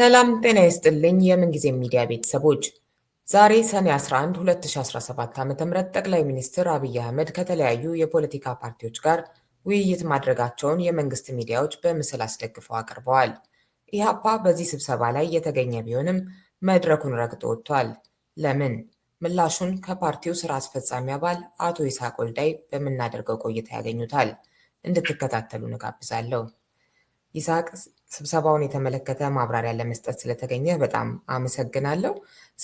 ሰላም ጤና ይስጥልኝ። የምንጊዜ ሚዲያ ቤተሰቦች ዛሬ ሰኔ 11 2017 ዓ ም ጠቅላይ ሚኒስትር አብይ አህመድ ከተለያዩ የፖለቲካ ፓርቲዎች ጋር ውይይት ማድረጋቸውን የመንግስት ሚዲያዎች በምስል አስደግፈው አቅርበዋል። ኢህአፓ በዚህ ስብሰባ ላይ የተገኘ ቢሆንም መድረኩን ረግጦ ወጥቷል። ለምን? ምላሹን ከፓርቲው ስራ አስፈጻሚ አባል አቶ ይስሐቅ ወልዳይ በምናደርገው ቆይታ ያገኙታል። እንድትከታተሉ እንጋብዛለሁ። ይስሐቅ ስብሰባውን የተመለከተ ማብራሪያ ለመስጠት ስለተገኘ በጣም አመሰግናለሁ።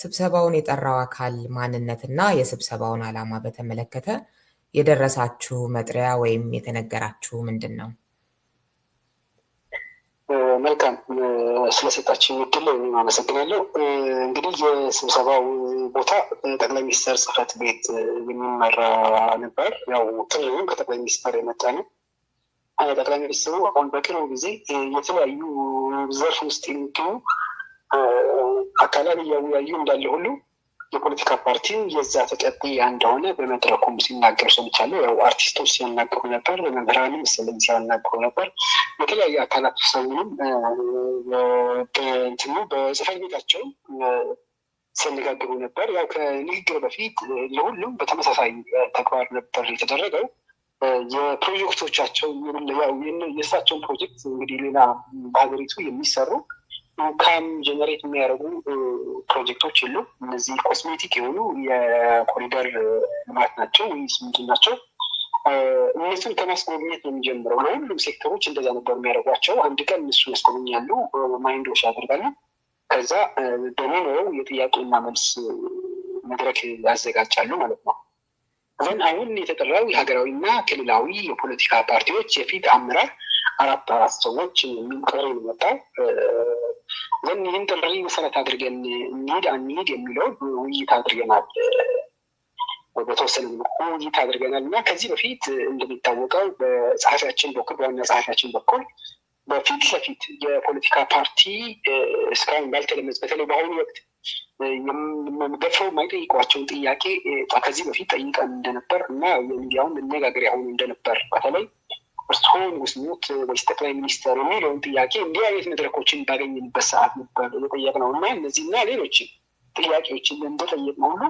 ስብሰባውን የጠራው አካል ማንነትና የስብሰባውን ዓላማ በተመለከተ የደረሳችሁ መጥሪያ ወይም የተነገራችሁ ምንድን ነው? መልካም ስለሰጣችሁ እድል አመሰግናለሁ። እንግዲህ የስብሰባው ቦታ ጠቅላይ ሚኒስትር ጽህፈት ቤት የሚመራ ነበር። ያው ጥሪውም ከጠቅላይ ሚኒስትር የመጣ ነው። ጠቅላይ ሚኒስትሩ አሁን በቅርብ ጊዜ የተለያዩ ዘርፍ ውስጥ የሚገኙ አካላት እያወያዩ እንዳለ ሁሉ የፖለቲካ ፓርቲ የዛ ተቀጣይ እንደሆነ በመድረኩም ሲናገር ሰምቻለሁ። ያው አርቲስቶች ሲያናግሩ ነበር፣ በመምህራን ምስልን ሲያናግሩ ነበር። የተለያዩ አካላት ሰውንም በእንትኑ በጽፈት ቤታቸው ሲያነጋግሩ ነበር። ያው ከንግግር በፊት ለሁሉም በተመሳሳይ ተግባር ነበር የተደረገው። የፕሮጀክቶቻቸው የእሳቸውን ፕሮጀክት እንግዲህ ሌላ በሀገሪቱ የሚሰሩ ካም ጀነሬት የሚያደርጉ ፕሮጀክቶች የሉ። እነዚህ ኮስሜቲክ የሆኑ የኮሪደር ልማት ናቸው ወይ ምንድን ናቸው? እነሱን ከማስጎብኘት ነው የሚጀምረው። ለሁሉም ሴክተሮች እንደዛ ነበር የሚያደርጓቸው። አንድ ቀን እነሱ ያስጎበኛሉ፣ ማይንዶች ያደርጋሉ። ከዛ በሚኖረው የጥያቄና መልስ መድረክ ያዘጋጃሉ ማለት ነው። አሁን አሁን የተጠራው የሀገራዊና ክልላዊ የፖለቲካ ፓርቲዎች የፊት አመራር አራት አራት ሰዎች የሚል ጥሪ ዘን ይህን ጥሪ መሰረት አድርገን እንሂድ አንሂድ የሚለው ውይይት አድርገናል፣ በተወሰነ መልኩ ውይይት አድርገናል እና ከዚህ በፊት እንደሚታወቀው በጸሐፊያችን በኩል በዋና ጸሐፊያችን በኩል በፊት ለፊት የፖለቲካ ፓርቲ እስካሁን ባልተለመዝ በተለይ በአሁኑ ወቅት ገፈው የማይጠይቋቸውን ጥያቄ ከዚህ በፊት ጠይቀን እንደነበር እና የሚዲያውን መነጋገሪያ ሆኑ እንደነበር በተለይ እርስዎ ንጉሥነት ወይስ ጠቅላይ ሚኒስተር የሚለውን ጥያቄ እንዲህ አይነት መድረኮችን ባገኝንበት ሰዓት ነበር ነው እና እነዚህና ሌሎችን ጥያቄዎችን ነው ሁሉ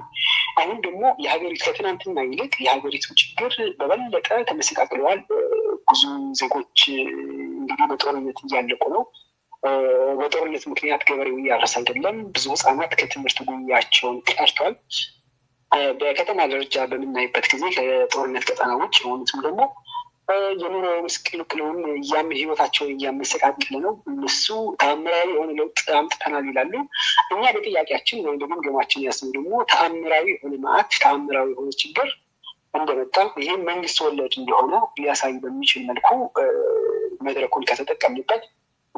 አሁን ደግሞ የሀገሪቱ ከትናንትና ይልቅ የሀገሪቱ ችግር በበለጠ ተመሰቃቅለዋል። ብዙ ዜጎች እንግዲህ በጦርነት እያለቁ ነው። በጦርነት ምክንያት ገበሬው እያረሰ አይደለም። ብዙ ህጻናት ከትምህርት ጉያቸውን ቀርቷል። በከተማ ደረጃ በምናይበት ጊዜ ከጦርነት ቀጠና ውጭ የሆኑትም ደግሞ የኑሮ ምስቅልቅለውን እያም ህይወታቸውን እያመሰቃቀለ ነው። እነሱ ተአምራዊ የሆነ ለውጥ አምጥተናል ይላሉ። እኛ በጥያቄያችን ወይም ደግሞ ገማችን ያስም ደግሞ ተአምራዊ የሆነ መዓት ተአምራዊ የሆነ ችግር እንደመጣ ይህም መንግስት ወለድ እንደሆነ ሊያሳይ በሚችል መልኩ መድረኩን ከተጠቀምበት።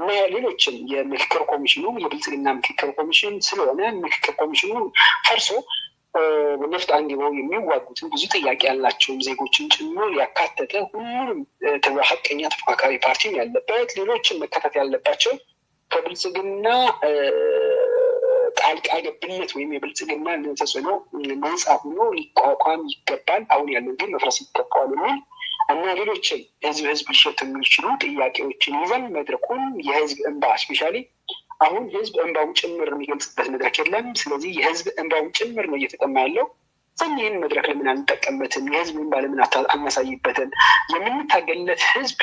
እና ሌሎችም የምክክር ኮሚሽኑ የብልጽግና ምክክር ኮሚሽን ስለሆነ ምክክር ኮሚሽኑ ፈርሶ ነፍጥ አንግበው የሚዋጉትን ብዙ ጥያቄ ያላቸውም ዜጎችን ጭምር ያካተተ ሁሉንም ሀቀኛ ተፎካካሪ ፓርቲም ያለበት ሌሎችን መካተት ያለባቸው ከብልጽግና ጣልቃ ገብነት ወይም የብልጽግና ተጽዕኖ ነፃ ሆኖ ሊቋቋም ይገባል። አሁን ያለው ግን መፍረስ ይገባዋል የሚል እና ሌሎችም ህዝብ ህዝብ ሊሸት የሚችሉ ጥያቄዎችን ይዘን መድረኩን የህዝብ እንባ ስፔሻሊ አሁን ህዝብ እንባውን ጭምር የሚገልጽበት መድረክ የለም። ስለዚህ የህዝብ እንባውን ጭምር ነው እየተጠማ ያለው። ይህን መድረክ ለምን አንጠቀምበትም? የህዝብ እንባ ለምን አናሳይበትም? የምንታገልለት ህዝብ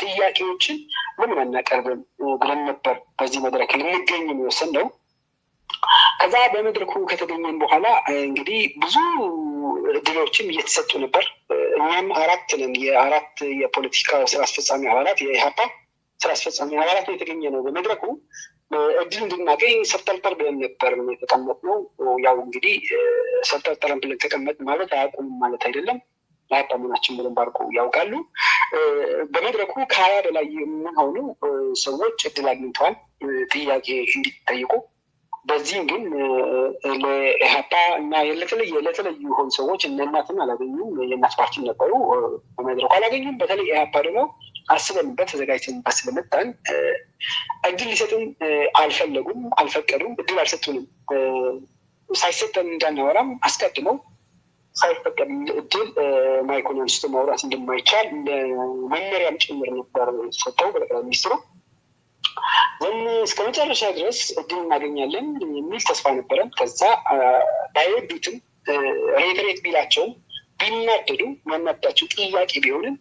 ጥያቄዎችን ለምን አናቀርብም ብለን ነበር በዚህ መድረክ ልንገኝ የሚወሰን ነው። ከዛ በመድረኩ ከተገኘን በኋላ እንግዲህ ብዙ እድሎችም እየተሰጡ ነበር። እኛም አራት ነን የአራት የፖለቲካ ስራ አስፈጻሚ አባላት የኢህአፓ ስራ አስፈጻሚ አባላት ነው የተገኘ ነው። በመድረኩ እድል እንድናገኝ ሰብጠርጠር ብለን ነበር ነው። ያው እንግዲህ ሰብጠርጠረን ብለን ተቀመጥ ማለት አያውቁም ማለት አይደለም። አያውቅ መሆናችን በደንብ አድርገው ያውቃሉ። በመድረኩ ከሀያ በላይ የሚሆኑ ሰዎች እድል አግኝተዋል ጥያቄ እንዲጠይቁ በዚህም ግን ለኢህአፓ እና ለተለየ ለተለዩ የሆኑ ሰዎች እነ እናትን አላገኙም። የእናት ፓርቲ ነበሩ፣ በመድረኩ አላገኙም። በተለይ ኢህአፓ ደግሞ አስበንበት ተዘጋጅተን ስለመጣን እድል ሊሰጡን አልፈለጉም፣ አልፈቀዱም፣ እድል አልሰጡንም። ሳይሰጠን እንዳናወራም አስቀድመው ሳይፈቀድ እድል አንስቶ ማውራት እንደማይቻል መመሪያም ጭምር ነበር ሰጠው በጠቅላይ ሚኒስትሩ። ዘን እስከ መጨረሻ ድረስ እድል እናገኛለን የሚል ተስፋ ነበረን። ከዛ ባይወዱትም ሬትሬት ቢላቸውም ቢናደዱ ማናዳቸው ጥያቄ ቢሆንም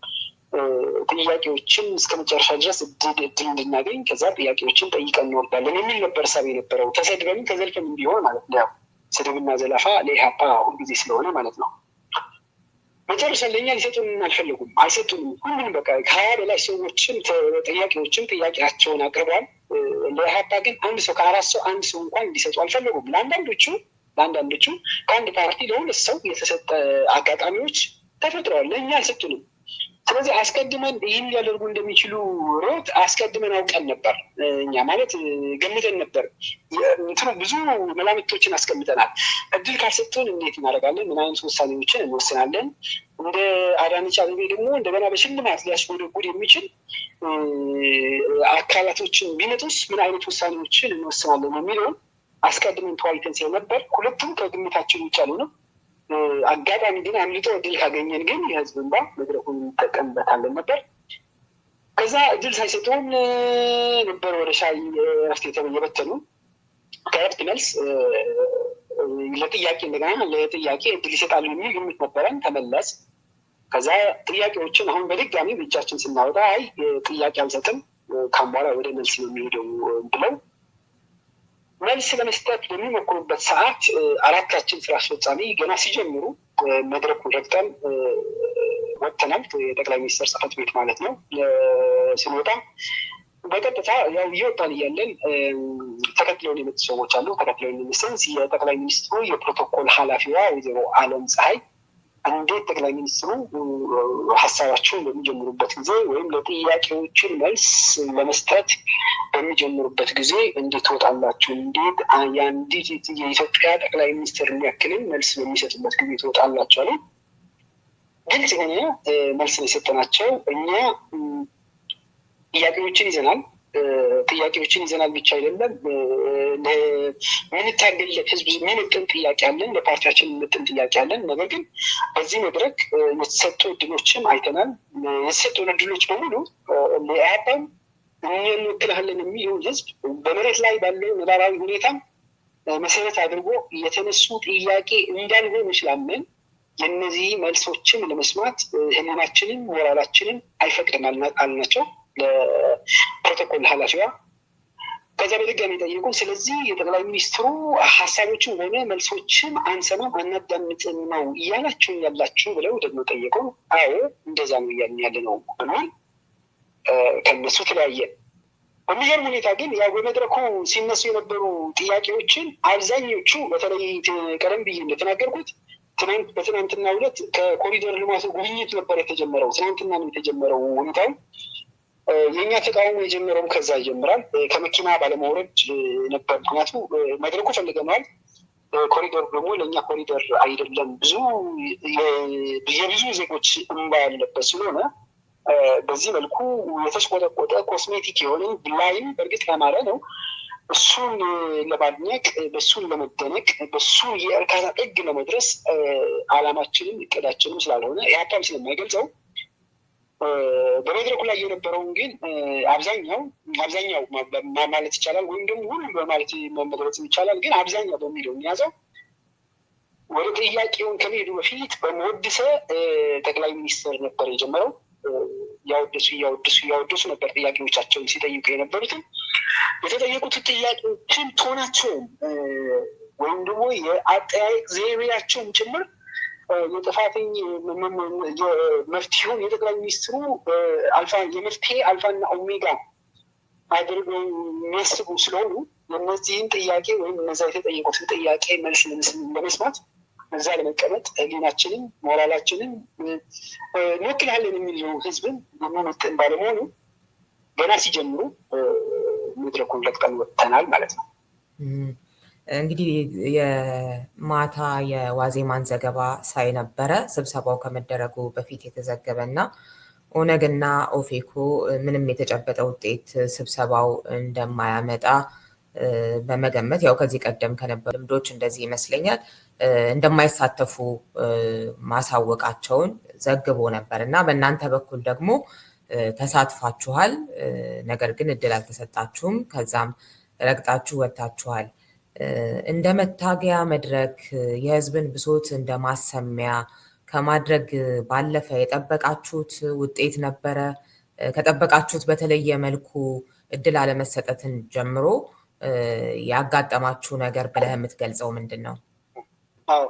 ጥያቄዎችን እስከ መጨረሻ ድረስ እድል እንድናገኝ ከዛ ጥያቄዎችን ጠይቀን እንወርዳለን የሚል ነበር ሰብ የነበረው ተሰድበንም ተዘልፈንም ቢሆን ማለት ነው። ስድብና ዘለፋ ለኢህአፓ ሁልጊዜ ስለሆነ ማለት ነው። መጨረሻ ለእኛ ሊሰጡን አልፈለጉም፣ አልሰጡንም። ሁሉንም በቃ ከሀያ በላይ ሰዎችን ጥያቄዎችም ጥያቄያቸውን አቅርቧል። ለኢህአፓ ግን አንድ ሰው ከአራት ሰው አንድ ሰው እንኳን እንዲሰጡ አልፈለጉም። ለአንዳንዶቹ ለአንዳንዶቹ ከአንድ ፓርቲ ለሁለት ሰው የተሰጠ አጋጣሚዎች ተፈጥረዋል። ለእኛ አልሰጡንም። ስለዚህ አስቀድመን ይህን ሊያደርጉ እንደሚችሉ ሮት አስቀድመን አውቀን ነበር። እኛ ማለት ገምተን ነበር። እንትኑ ብዙ መላምቶችን አስቀምጠናል። እድል ካልሰጡን እንዴት እናደርጋለን? ምን አይነት ውሳኔዎችን እንወስናለን? እንደ አዳንጫ አቤቤ ደግሞ እንደገና በሽልማት ሊያስጎደጉድ የሚችል አካላቶችን ቢመጡስ ምን አይነት ውሳኔዎችን እንወስናለን የሚለውን አስቀድመን ተዋይተን ሲል ነበር። ሁለቱም ከግምታችን ውጭ ነው? አጋጣሚ ግን አምልጦ እድል ካገኘን ግን የህዝብ እንባ መድረኩን እንጠቀምበታለን ነበር። ከዛ እድል ሳይሰጡን ነበር ወደ ሻይ ረፍት የተበየበተኑ ከረፍት መልስ ለጥያቄ እንደገና ለጥያቄ እድል ይሰጣሉ የሚል ግምት ነበረን። ተመለስ ከዛ ጥያቄዎችን አሁን በድጋሚ በእጃችን ስናወጣ አይ ጥያቄ አልሰጥም ከአምቧላ ወደ መልስ ነው የሚሄደው ብለው መልስ ለመስጠት በሚሞክሩበት ሰዓት አራታችን ስራ አስፈጻሚ ገና ሲጀምሩ መድረኩን ረግጠን ወጥተናል። የጠቅላይ ሚኒስትር ጽሕፈት ቤት ማለት ነው። ስንወጣ በቀጥታ ያው እየወጣን እያለን ተከትለውን የመጡ ሰዎች አሉ። ተከትለውን ሚኒስትንስ የጠቅላይ ሚኒስትሩ የፕሮቶኮል ኃላፊዋ ወይዘሮ አለም ፀሐይ እንዴት ጠቅላይ ሚኒስትሩ ሀሳባቸውን በሚጀምሩበት ጊዜ ወይም ለጥያቄዎችን መልስ ለመስጠት በሚጀምሩበት ጊዜ እንዴት ትወጣላችሁ? እንዴት የአንዲት የኢትዮጵያ ጠቅላይ ሚኒስትር የሚያክልን መልስ በሚሰጡበት ጊዜ ትወጣላችሁ ግልጽ የሆነ መልስ የሰጠናቸው እኛ ጥያቄዎችን ይዘናል ጥያቄዎችን ይዘናል ብቻ አይደለም። ምንታገልለት ህዝብ ምን ጥን ጥያቄ አለን፣ ለፓርቲያችን ምጥን ጥያቄ አለን። ነገር ግን በዚህ መድረክ የተሰጡ እድሎችም አይተናል። የተሰጡን እድሎች በሙሉ ለኢህአፓም እኛ እንወክልሃለን የሚለው ህዝብ በመሬት ላይ ባለው ነባራዊ ሁኔታ መሰረት አድርጎ የተነሱ ጥያቄ እንዳልሆን ይችላምን የነዚህ መልሶችን ለመስማት ህመማችንን ሞራላችንን አይፈቅድም አልናቸው። ለፕሮቶኮል ኃላፊዋ ከዚያ በድጋሚ ጠየቁ። ስለዚህ የጠቅላይ ሚኒስትሩ ሀሳቦችን ሆነ መልሶችን አንሰማም አናዳምጥም ነው እያላችሁ ያላችሁ ብለው ደግሞ ጠየቁ። አዎ እንደዛ ነው እያልን ያለ ነው ብሏል። ከነሱ ተለያየ። በሚገርም ሁኔታ ግን ያው በመድረኩ ሲነሱ የነበሩ ጥያቄዎችን አብዛኞቹ በተለይ ቀደም ብዬ እንደተናገርኩት ትናንት በትናንትና ሁለት ከኮሪደር ልማቱ ጉብኝት ነበር የተጀመረው። ትናንትና ነው የተጀመረው ሁኔታው የእኛ ተቃውሞ የጀመረውም ከዛ ይጀምራል። ከመኪና ባለመውረድ ነበር። ምክንያቱ መድረኩ ፈልገነዋል። ኮሪደሩ ደግሞ ለእኛ ኮሪደር አይደለም፣ ብዙ የብዙ ዜጎች እንባ ያለበት ስለሆነ በዚህ መልኩ የተሽቆጠቆጠ ኮስሜቲክ የሆነ ብላይም በእርግጥ ያማረ ነው። እሱን ለማድነቅ በሱን ለመደነቅ በሱ የእርካታ ጥግ ለመድረስ አላማችንም እቅዳችንም ስላልሆነ የአካም ስለማይገልጸው በመድረኩ ላይ የነበረውን ግን አብዛኛው አብዛኛው ማለት ይቻላል ወይም ደግሞ ሁሉ በማለት መግለጽ ይቻላል። ግን አብዛኛው በሚለው የሚያዘው ወደ ጥያቄውን ከመሄዱ በፊት በመወድሰ ጠቅላይ ሚኒስትር ነበር የጀመረው። እያወደሱ እያወደሱ እያወደሱ ነበር ጥያቄዎቻቸውን ሲጠይቁ የነበሩትን የተጠየቁት ጥያቄዎችን ቶናቸውም ወይም ደግሞ የአጠያየቅ ዘይቤያቸውን ጭምር የጥፋተኝ መፍትሄውን የጠቅላይ ሚኒስትሩ የመፍትሄ አልፋና ኦሜጋ አድርገው የሚያስቡ ስለሆኑ እነዚህን ጥያቄ ወይም እነዛ የተጠየቁትን ጥያቄ መልስ ለመስማት እዛ ለመቀመጥ ሕሊናችንም ሞራላችንም እንወክልሃለን የሚለው ህዝብን የሚመጥን ባለመሆኑ ገና ሲጀምሩ መድረኩን ለቅጠን ወጥተናል ማለት ነው። እንግዲህ የማታ የዋዜማን ዘገባ ሳይ ነበረ። ስብሰባው ከመደረጉ በፊት የተዘገበ እና ኦነግና ኦፌኮ ምንም የተጨበጠ ውጤት ስብሰባው እንደማያመጣ በመገመት ያው ከዚህ ቀደም ከነበሩ ልምዶች እንደዚህ ይመስለኛል እንደማይሳተፉ ማሳወቃቸውን ዘግቦ ነበር እና በእናንተ በኩል ደግሞ ተሳትፋችኋል፣ ነገር ግን እድል አልተሰጣችሁም። ከዛም ረግጣችሁ ወጥታችኋል። እንደ መታገያ መድረክ የህዝብን ብሶት እንደ ማሰሚያ ከማድረግ ባለፈ የጠበቃችሁት ውጤት ነበረ? ከጠበቃችሁት በተለየ መልኩ እድል አለመሰጠትን ጀምሮ ያጋጠማችሁ ነገር ብለህ የምትገልጸው ምንድን ነው? አዎ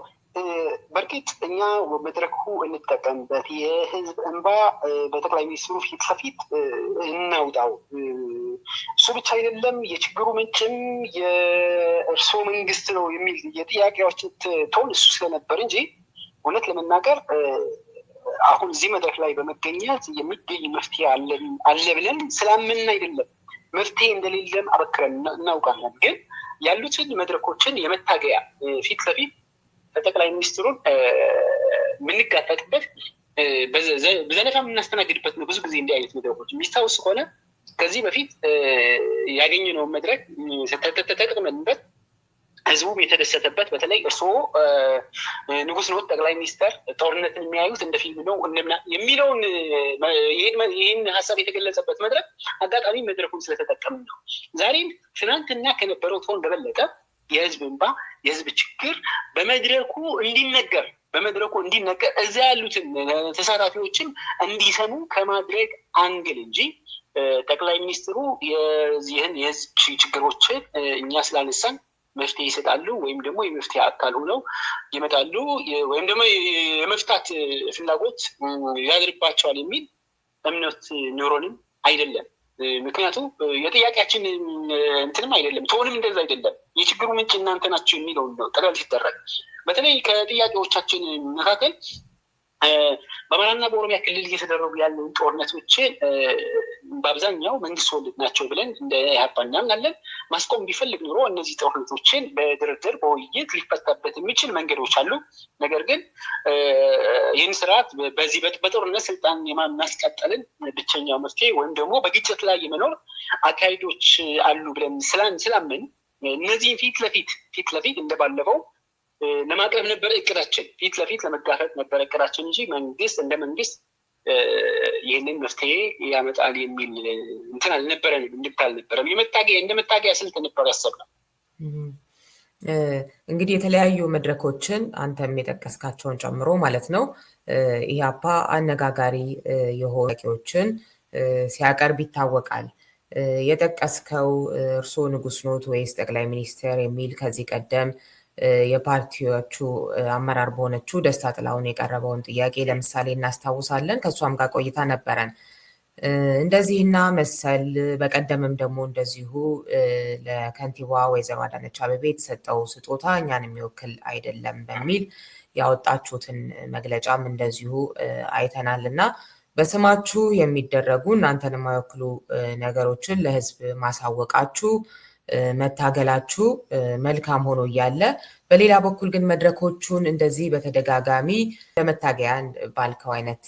በእርግጥ እኛ መድረኩ እንጠቀምበት የህዝብ እንባ በጠቅላይ ሚኒስትሩ ፊት ከፊት እናውጣው እሱ ብቻ አይደለም የችግሩ ምንጭም የእርስዎ መንግስት ነው የሚል የጥያቄዎች ትቶን እሱ ስለነበር እንጂ እውነት ለመናገር አሁን እዚህ መድረክ ላይ በመገኘት የሚገኝ መፍትሄ አለ ብለን ስላምን አይደለም። መፍትሄ እንደሌለም አበክረን እናውቃለን። ግን ያሉትን መድረኮችን የመታገያ ፊት ለፊት ከጠቅላይ ሚኒስትሩን የምንጋፈጥበት በዘነፋ የምናስተናግድበት ነው። ብዙ ጊዜ እንዲህ አይነት መድረኮች የሚታወስ ከሆነ ከዚህ በፊት ያገኘነውን መድረክ ተጠቅመንበት ህዝቡም የተደሰተበት በተለይ እርስ ንጉስ ኖት ጠቅላይ ሚኒስተር ጦርነትን የሚያዩት እንደ ፊልም ነው እንምና የሚለውን ይህን ሀሳብ የተገለጸበት መድረክ አጋጣሚ መድረኩን ስለተጠቀም ነው። ዛሬም ትናንትና ከነበረው ቶን በበለጠ የህዝብ እንባ የህዝብ ችግር በመድረኩ እንዲነገር በመድረኩ እንዲነገር እዚያ ያሉትን ተሳታፊዎችም እንዲሰሙ ከማድረግ አንግል እንጂ ጠቅላይ ሚኒስትሩ ይህን የህዝብ ችግሮችን እኛ ስላነሳን መፍትሄ ይሰጣሉ ወይም ደግሞ የመፍትሄ አካል ሆነው ይመጣሉ ወይም ደግሞ የመፍታት ፍላጎት ያድርባቸዋል የሚል እምነት ኑሮንም አይደለም። ምክንያቱም የጥያቄያችን እንትንም አይደለም ትሆንም እንደዛ አይደለም። የችግሩ ምንጭ እናንተ ናቸው የሚለው ነው ሲደረግ በተለይ ከጥያቄዎቻችን መካከል በአማራና በኦሮሚያ ክልል እየተደረጉ ያሉ ጦርነቶች በአብዛኛው መንግስት ወልድ ናቸው ብለን እንደ ኢህአፓ እናምናለን። ማስቆም ቢፈልግ ኑሮ እነዚህ ጦርነቶችን በድርድር በውይይት ሊፈታበት የሚችል መንገዶች አሉ። ነገር ግን ይህን ስርዓት በዚህ በጦርነት ስልጣን የማስቀጠልን ብቸኛው መፍትሄ ወይም ደግሞ በግጭት ላይ የመኖር አካሄዶች አሉ ብለን ስላምን እነዚህን ፊት ለፊት ፊት ለፊት እንደባለፈው ለማቅረብ ነበረ እቅዳችን። ፊት ለፊት ለመጋፈጥ ነበረ እቅዳችን እንጂ መንግስት እንደ መንግስት ይህንን መፍትሄ ያመጣል የሚል እንትን አልነበረ እንድታ አልነበረም። እንደ መታገያ ስልት ነበር ነው እንግዲህ የተለያዩ መድረኮችን አንተም የጠቀስካቸውን ጨምሮ ማለት ነው ኢህአፓ አነጋጋሪ የሆኑ ሲያቀርብ ይታወቃል። የጠቀስከው እርስ ንጉስ ኖት ወይስ ጠቅላይ ሚኒስትር የሚል ከዚህ ቀደም የፓርቲዎቹ አመራር በሆነችው ደስታ ጥላሁን የቀረበውን ጥያቄ ለምሳሌ እናስታውሳለን። ከእሷም ጋር ቆይታ ነበረን። እንደዚህና መሰል በቀደምም ደግሞ እንደዚሁ ለከንቲባ ወይዘሮ አዳነች አበቤ የተሰጠው ስጦታ እኛን የሚወክል አይደለም በሚል ያወጣችሁትን መግለጫም እንደዚሁ አይተናል እና በስማችሁ የሚደረጉ እናንተን የማይወክሉ ነገሮችን ለሕዝብ ማሳወቃችሁ መታገላችሁ መልካም ሆኖ እያለ በሌላ በኩል ግን መድረኮቹን እንደዚህ በተደጋጋሚ ለመታገያ ባልከው አይነት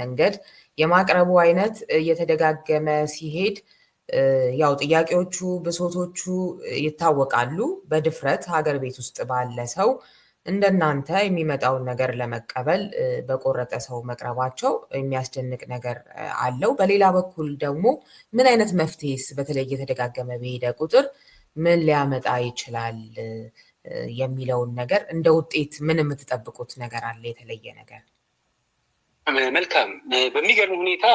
መንገድ የማቅረቡ አይነት እየተደጋገመ ሲሄድ ያው ጥያቄዎቹ፣ ብሶቶቹ ይታወቃሉ። በድፍረት ሀገር ቤት ውስጥ ባለ ሰው እንደናንተ የሚመጣውን ነገር ለመቀበል በቆረጠ ሰው መቅረባቸው የሚያስደንቅ ነገር አለው። በሌላ በኩል ደግሞ ምን አይነት መፍትሄስ በተለይ እየተደጋገመ በሄደ ቁጥር ምን ሊያመጣ ይችላል የሚለውን ነገር እንደ ውጤት ምን የምትጠብቁት ነገር አለ የተለየ ነገር? መልካም በሚገርም ሁኔታ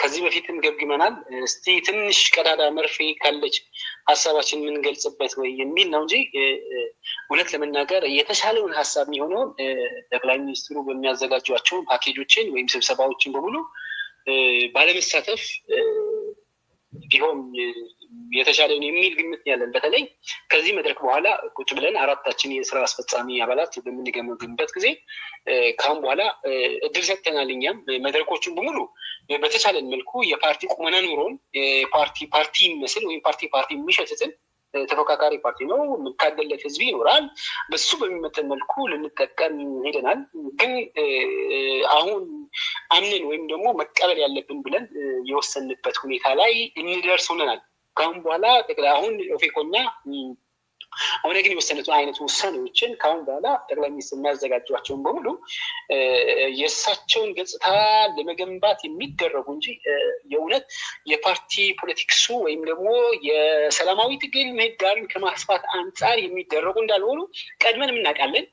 ከዚህ በፊትም ገብግመናል እስቲ ትንሽ ቀዳዳ መርፌ ካለች ሀሳባችን የምንገልጽበት ወይ የሚል ነው እንጂ እውነት ለመናገር የተሻለውን ሀሳብ የሚሆነውን ጠቅላይ ሚኒስትሩ በሚያዘጋጇቸውን ፓኬጆችን ወይም ስብሰባዎችን በሙሉ ባለመሳተፍ ቢሆን የተሻለ የሚል ግምት ያለን በተለይ ከዚህ መድረክ በኋላ ቁጭ ብለን አራታችን የስራ አስፈጻሚ አባላት በምንገመግምበት ጊዜ ካሁን በኋላ እድል ሰጥተናል። እኛም መድረኮችን በሙሉ በተቻለን መልኩ የፓርቲ ቁመና ኑሮን ፓርቲ ፓርቲ የሚመስል ወይም ፓርቲ ፓርቲ የሚሸትትን ተፎካካሪ ፓርቲ ነው የምታደለት ህዝብ ይኖራል። በሱ በሚመጠን መልኩ ልንጠቀም ሄደናል። ግን አሁን አምነን ወይም ደግሞ መቀበል ያለብን ብለን የወሰንበት ሁኔታ ላይ እንደርስ ሆነናል። ከአሁን በኋላ አሁን ኦፌኮና አሁን ግን የወሰነቱ አይነት ውሳኔዎችን ከአሁን በኋላ ጠቅላይ ሚኒስትር የሚያዘጋጇቸውን በሙሉ የእሳቸውን ገጽታ ለመገንባት የሚደረጉ እንጂ የእውነት የፓርቲ ፖለቲክሱ ወይም ደግሞ የሰላማዊ ትግል ምህዳርን ከማስፋት አንጻር የሚደረጉ እንዳልሆኑ ቀድመን የምናውቃለን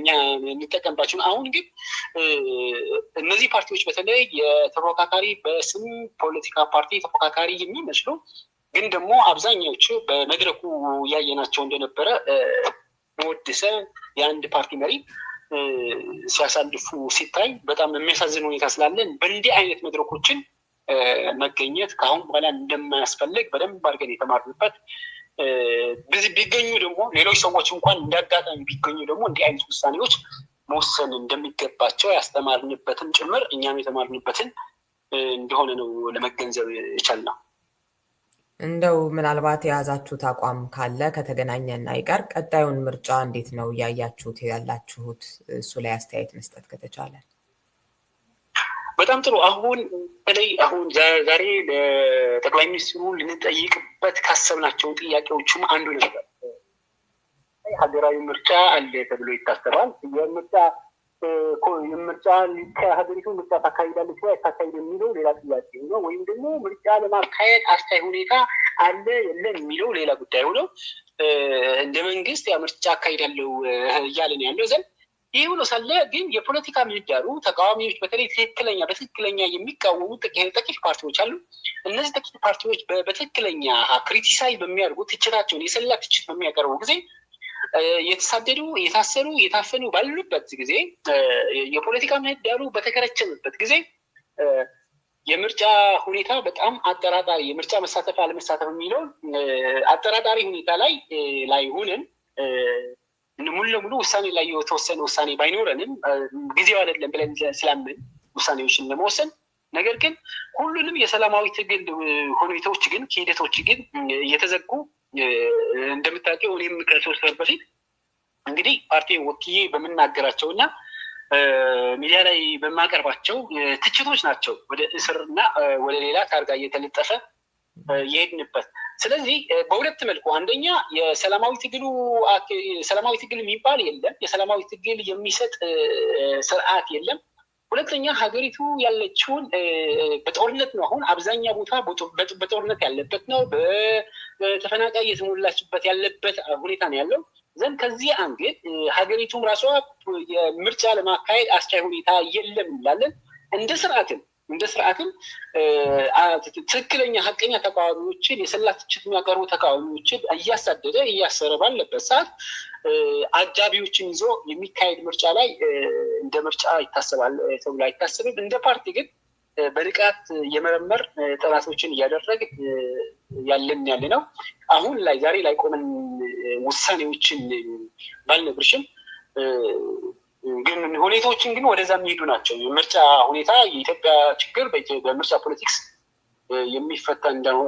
እኛ የሚጠቀምባቸውን። አሁን ግን እነዚህ ፓርቲዎች በተለይ የተፎካካሪ በስም ፖለቲካ ፓርቲ ተፎካካሪ የሚመስሉ ግን ደግሞ አብዛኛዎቹ በመድረኩ ያየናቸው እንደነበረ ወድሰ የአንድ ፓርቲ መሪ ሲያሳልፉ ሲታይ በጣም የሚያሳዝን ሁኔታ ስላለን በእንዲህ አይነት መድረኮችን መገኘት ከአሁን በኋላ እንደማያስፈልግ በደንብ አድርገን የተማርንበት ቢገኙ ደግሞ ሌሎች ሰዎች እንኳን እንዳጋጣሚ ቢገኙ ደግሞ እንዲህ አይነት ውሳኔዎች መወሰን እንደሚገባቸው ያስተማርንበትን ጭምር እኛም የተማርንበትን እንደሆነ ነው ለመገንዘብ ነው። እንደው ምናልባት የያዛችሁት አቋም ካለ ከተገናኘን አይቀር ቀጣዩን ምርጫ እንዴት ነው እያያችሁት ያላችሁት? እሱ ላይ አስተያየት መስጠት ከተቻለ በጣም ጥሩ። አሁን በተለይ አሁን ዛሬ ለጠቅላይ ሚኒስትሩ ልንጠይቅበት ካሰብናቸው ጥያቄዎችም አንዱ ነበር። ሀገራዊ ምርጫ አለ ተብሎ ይታሰባል። የምርጫ ምርጫ ሀገሪቱ ምርጫ ታካሂዳለች ወይ አታካሂድ የሚለው ሌላ ጥያቄ ነው። ወይም ደግሞ ምርጫ ለማካሄድ አስቻይ ሁኔታ አለ የለም የሚለው ሌላ ጉዳይ ሆነው እንደ መንግስት ያ ምርጫ አካሂዳለሁ እያለን ያለው ዘን ይህ ብሎ ሳለ ግን የፖለቲካ ምህዳሩ ተቃዋሚዎች በተለይ ትክክለኛ በትክክለኛ የሚቃወሙ ጥቂት ፓርቲዎች አሉ። እነዚህ ጥቂት ፓርቲዎች በትክክለኛ ክሪቲሳይዝ በሚያደርጉ ትችታቸውን የሰላ ትችት በሚያቀርቡ ጊዜ የተሳደዱ የታሰሩ የታፈኑ ባሉበት ጊዜ የፖለቲካ ምህዳሩ በተከረቸመበት ጊዜ የምርጫ ሁኔታ በጣም አጠራጣሪ የምርጫ መሳተፍ አለመሳተፍ የሚለው አጠራጣሪ ሁኔታ ላይ ላይ ሁንን ሙሉ ለሙሉ ውሳኔ ላይ የተወሰነ ውሳኔ ባይኖረንም ጊዜው አይደለም ብለን ስላምን ውሳኔዎችን ለመወሰን ነገር ግን ሁሉንም የሰላማዊ ትግል ሁኔታዎች ግን ሂደቶች ግን እየተዘጉ እንደምታውቀው እኔም ከሶስት በፊት እንግዲህ ፓርቲ ወክዬ በምናገራቸው እና ሚዲያ ላይ በማቀርባቸው ትችቶች ናቸው ወደ እስርና ወደ ሌላ ታርጋ እየተለጠፈ የሄድንበት። ስለዚህ በሁለት መልኩ አንደኛ የሰላማዊ ትግሉ ሰላማዊ ትግል የሚባል የለም፣ የሰላማዊ ትግል የሚሰጥ ስርዓት የለም። ሁለተኛ ሀገሪቱ ያለችውን በጦርነት ነው። አሁን አብዛኛ ቦታ በጦርነት ያለበት ነው። በተፈናቃይ የተሞላችበት ያለበት ሁኔታ ነው ያለው። ዘንድ ከዚህ አንግድ ሀገሪቱም ራሷ ምርጫ ለማካሄድ አስቻይ ሁኔታ የለም እንላለን። እንደ ስርአትም እንደ ስርአትም ትክክለኛ ሀቀኛ ተቃዋሚዎችን የሰላ ትችት የሚያቀርቡ ተቃዋሚዎችን እያሳደደ እያሰረ ባለበት ሰዓት አጃቢዎችን ይዞ የሚካሄድ ምርጫ ላይ እንደ ምርጫ ይታሰባል ተብሎ አይታሰብም። እንደ ፓርቲ ግን በንቃት የመረመር ጥናቶችን እያደረግ ያለን ያለ ነው። አሁን ላይ ዛሬ ላይ ቆመን ውሳኔዎችን ባልነግርሽም ግን ሁኔታዎችን ግን ወደዛ የሚሄዱ ናቸው። የምርጫ ሁኔታ የኢትዮጵያ ችግር በምርጫ ፖለቲክስ የሚፈታ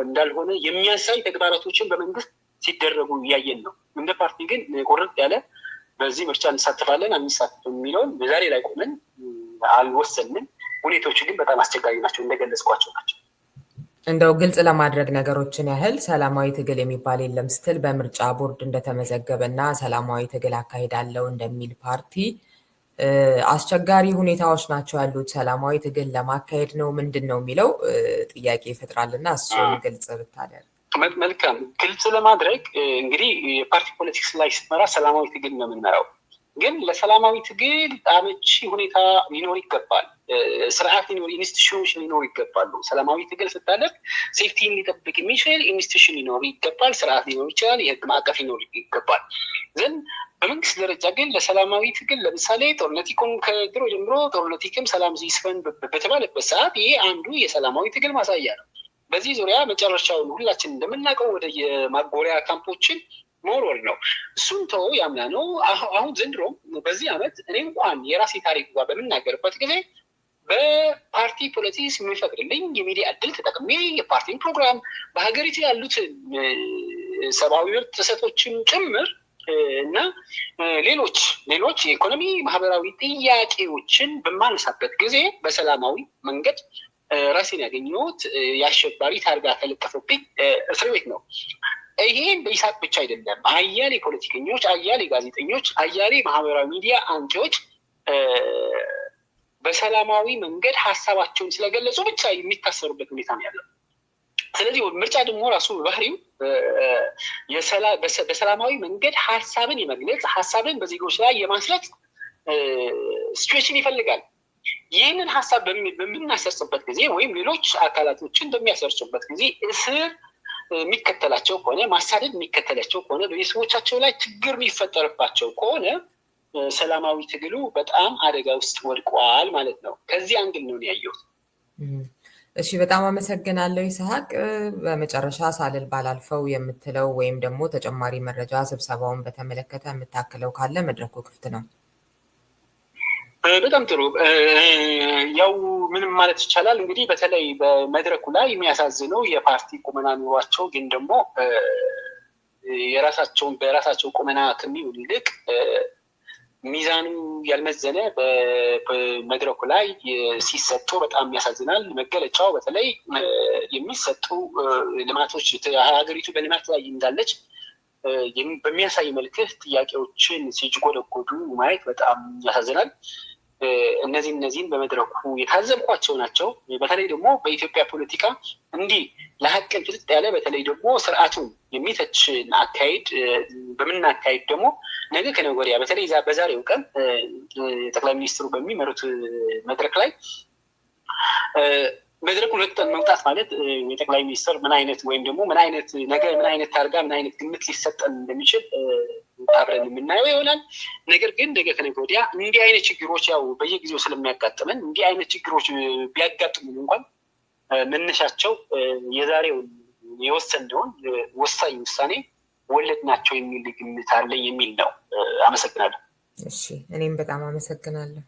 እንዳልሆነ የሚያሳይ ተግባራቶችን በመንግስት ሲደረጉ እያየን ነው። እንደ ፓርቲ ግን ቆርጥ ያለ በዚህ ምርጫ እንሳተፋለን አንሳተፍም የሚለውን በዛሬ ላይ ቆመን አልወሰንም። ሁኔታዎች ግን በጣም አስቸጋሪ ናቸው፣ እንደገለጽኳቸው ናቸው። እንደው ግልጽ ለማድረግ ነገሮችን ያህል ሰላማዊ ትግል የሚባል የለም ስትል በምርጫ ቦርድ እንደተመዘገበ እና ሰላማዊ ትግል አካሄዳለው እንደሚል ፓርቲ አስቸጋሪ ሁኔታዎች ናቸው ያሉት፣ ሰላማዊ ትግል ለማካሄድ ነው ምንድን ነው የሚለው ጥያቄ ይፈጥራል እና እሱን ግልጽ ብታደርግ መልካም። ግልጽ ለማድረግ እንግዲህ የፓርቲ ፖለቲክስ ላይ ስትመራ ሰላማዊ ትግል ነው የምንመራው ግን ለሰላማዊ ትግል አመቺ ሁኔታ ሊኖር ይገባል። ስርዓት ሊኖር ኢንስቲቱሽኖች ሊኖር ይገባሉ። ሰላማዊ ትግል ስታደርግ ሴፍቲን ሊጠብቅ የሚችል ኢንስቲቱሽን ሊኖር ይገባል። ስርዓት ሊኖር ይችላል። የህግ ማዕቀፍ ሊኖር ይገባል። ግን በመንግስት ደረጃ ግን ለሰላማዊ ትግል ለምሳሌ ጦርነቲኩም ከድሮ ጀምሮ ጦርነቲክም ሰላም ይስፈን በተባለበት ሰዓት ይሄ አንዱ የሰላማዊ ትግል ማሳያ ነው። በዚህ ዙሪያ መጨረሻውን ሁላችን እንደምናውቀው ወደ የማጎሪያ ካምፖችን መወርወር ነው። እሱም ተው ያምና ነው። አሁን ዘንድሮም በዚህ አመት እኔ እንኳን የራሴ ታሪክ ጋር በምናገርበት ጊዜ በፓርቲ ፖለቲክስ የሚፈቅድልኝ የሚዲያ እድል ተጠቅሜ የፓርቲን ፕሮግራም በሀገሪቱ ያሉትን ሰብአዊ ምርት ጥሰቶችን ጭምር እና ሌሎች ሌሎች የኢኮኖሚ ማህበራዊ ጥያቄዎችን በማነሳበት ጊዜ በሰላማዊ መንገድ ራሴን ያገኘት የአሸባሪ ታርጋ ተለጠፈብኝ እስር ቤት ነው። ይሄን በኢሳቅ ብቻ አይደለም። አያሌ ፖለቲከኞች፣ አያሌ ጋዜጠኞች፣ አያሌ ማህበራዊ ሚዲያ አንቂዎች በሰላማዊ መንገድ ሀሳባቸውን ስለገለጹ ብቻ የሚታሰሩበት ሁኔታ ነው ያለው። ስለዚህ ምርጫ ደግሞ ራሱ ባህሪው በሰላማዊ መንገድ ሀሳብን የመግለጽ ሀሳብን በዜጎች ላይ የማስረት ሲትዌሽን ይፈልጋል። ይህንን ሀሳብ በምናሰርጽበት ጊዜ ወይም ሌሎች አካላቶችን በሚያሰርጹበት ጊዜ እስር የሚከተላቸው ከሆነ ማሳደድ የሚከተላቸው ከሆነ በቤተሰቦቻቸው ላይ ችግር የሚፈጠርባቸው ከሆነ ሰላማዊ ትግሉ በጣም አደጋ ውስጥ ወድቋል ማለት ነው። ከዚህ አንግል ነው ያየሁት። እሺ በጣም አመሰግናለሁ ይስሐቅ። በመጨረሻ ሳልል ባላልፈው የምትለው ወይም ደግሞ ተጨማሪ መረጃ ስብሰባውን በተመለከተ የምታክለው ካለ መድረኩ ክፍት ነው። በጣም ጥሩ። ያው ምንም ማለት ይቻላል እንግዲህ በተለይ በመድረኩ ላይ የሚያሳዝነው የፓርቲ ቁመና ኑሯቸው ግን ደግሞ የራሳቸውን በራሳቸው ቁመና ከሚውል ይልቅ ሚዛኑ ያልመዘነ በመድረኩ ላይ ሲሰጡ በጣም ያሳዝናል። መገለጫው በተለይ የሚሰጡ ልማቶች ሀገሪቱ በልማት ላይ እንዳለች በሚያሳይ መልክህ ጥያቄዎችን ሲጅጎደጎዱ ማየት በጣም ያሳዝናል። እነዚህ እነዚህን በመድረኩ የታዘብኳቸው ናቸው። በተለይ ደግሞ በኢትዮጵያ ፖለቲካ እንዲህ ለሀቅን ፍጥጥ ያለ በተለይ ደግሞ ስርዓቱን የሚተች አካሄድ በምናካሄድ ደግሞ ነገ ከነገ ወዲያ በተለይ በዛሬው ቀን ጠቅላይ ሚኒስትሩ በሚመሩት መድረክ ላይ መድረክ ሁለት መምጣት መውጣት ማለት የጠቅላይ ሚኒስትር ምን አይነት ወይም ደግሞ ምን አይነት ነገር ምን አይነት ታርጋ ምን አይነት ግምት ሊሰጠን እንደሚችል አብረን የምናየው ይሆናል። ነገር ግን ነገ ከነገ ወዲያ እንዲህ አይነት ችግሮች ያው በየጊዜው ስለሚያጋጥመን እንዲህ አይነት ችግሮች ቢያጋጥሙን እንኳን መነሻቸው የዛሬውን የወሰንነውን ወሳኝ ውሳኔ ወለድ ናቸው የሚል ግምት አለ የሚል ነው። አመሰግናለሁ። እሺ፣ እኔም በጣም አመሰግናለሁ።